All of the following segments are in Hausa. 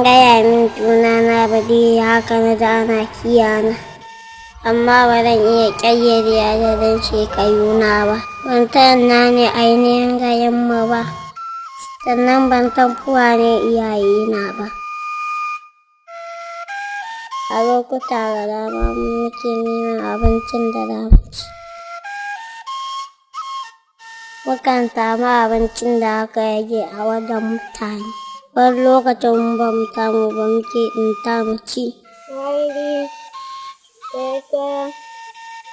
gaya min juna na ba dai haka na da ana kiyana amma ba zan iya ƙayyade adadin na ba ban na ne ainihin ma ba sannan ban kuwa ne iyayena ba a lokuta da dama muke neman abincin da za ci mukan samu abincin da aka yage a wajen mutane Parlo ka chumbam tamu bam chi intamu chi. Wali teka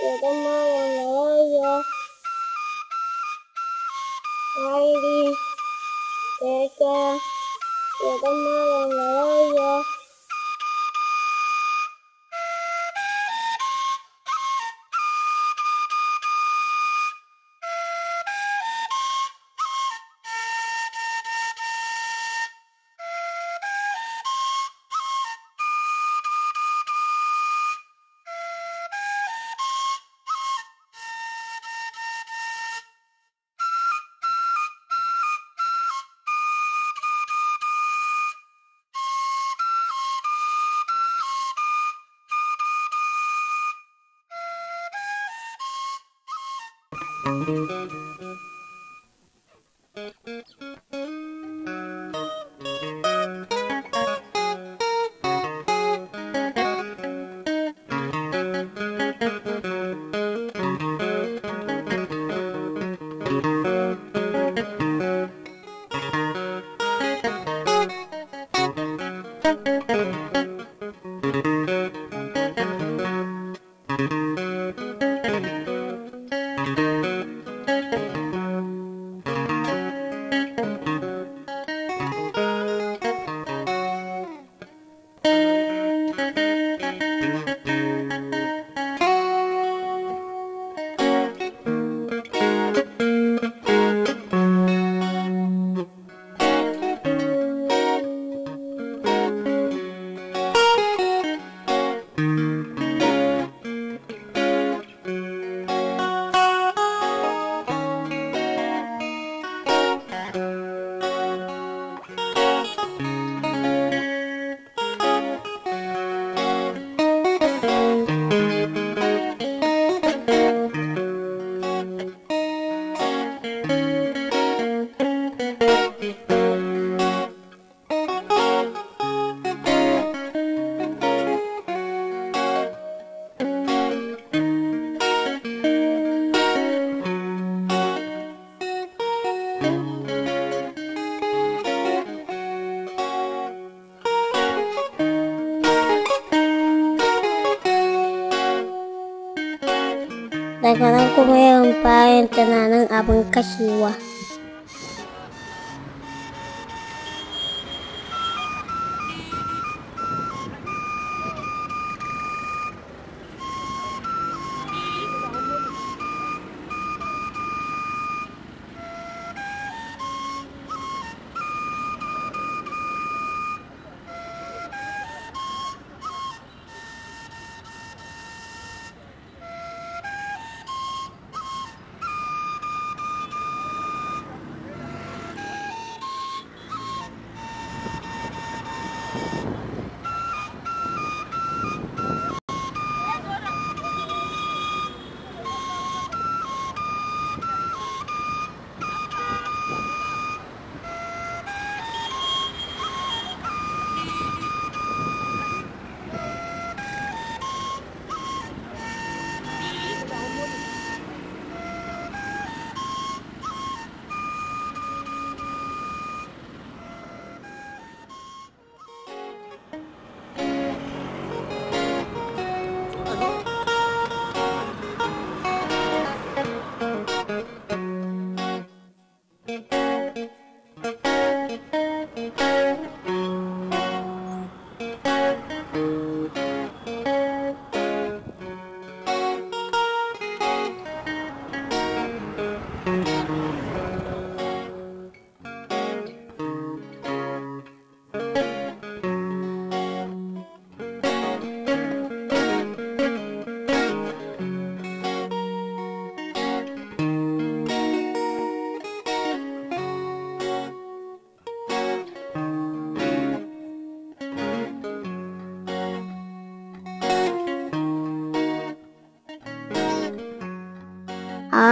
yadama yanaya. Wali teka lấy yanaya. Thank you. daga nan kuma yawan bayan tunanin abin kashewa.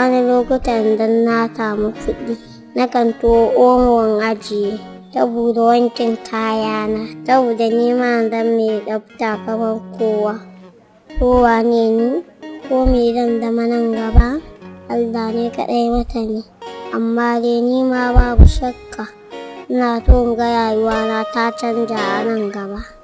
wani lokutan don na samu kuɗi nakan tuwo omon ajiye saboda wankin kayana saboda nema zan mai tsafta kamar kowa kowa ne ni ko me zan zama nan gaba Allah ne kaɗai mata ne amma dai ni ma babu shakka ina so gaya ga na ta canja a nan gaba